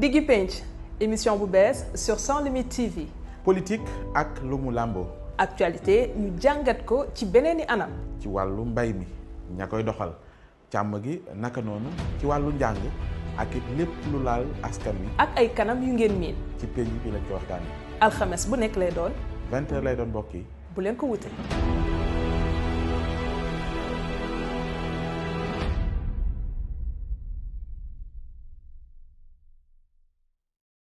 diggi penc émission bu bees sur cent limite TV. politique ak lu mu làmboo. actualité ñu jàngat ko ci beneen i anam. ci wàllu mbay mi ña koy doxal càmm gi naka noonu ci wàllu njàng ak it lépp lu laal askan wi. ak ay kanam yu ngeen miin. ci penc bi lañ ko waxtaanee. alxames bu nekk lay doon. 20 lay doon mbokk yi. bu leen ko wutee.